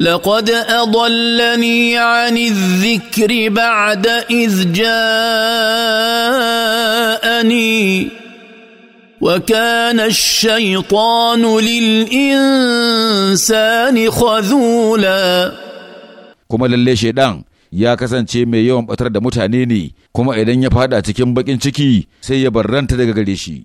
لقد اضلني عن الذكر بعد اذ جاءني وكان الشيطان للانسان خذولا كما للي دان يا كسان شي مي يوم اترد متانيني كما ادن يفادا تكين بكين تكي سي يبرن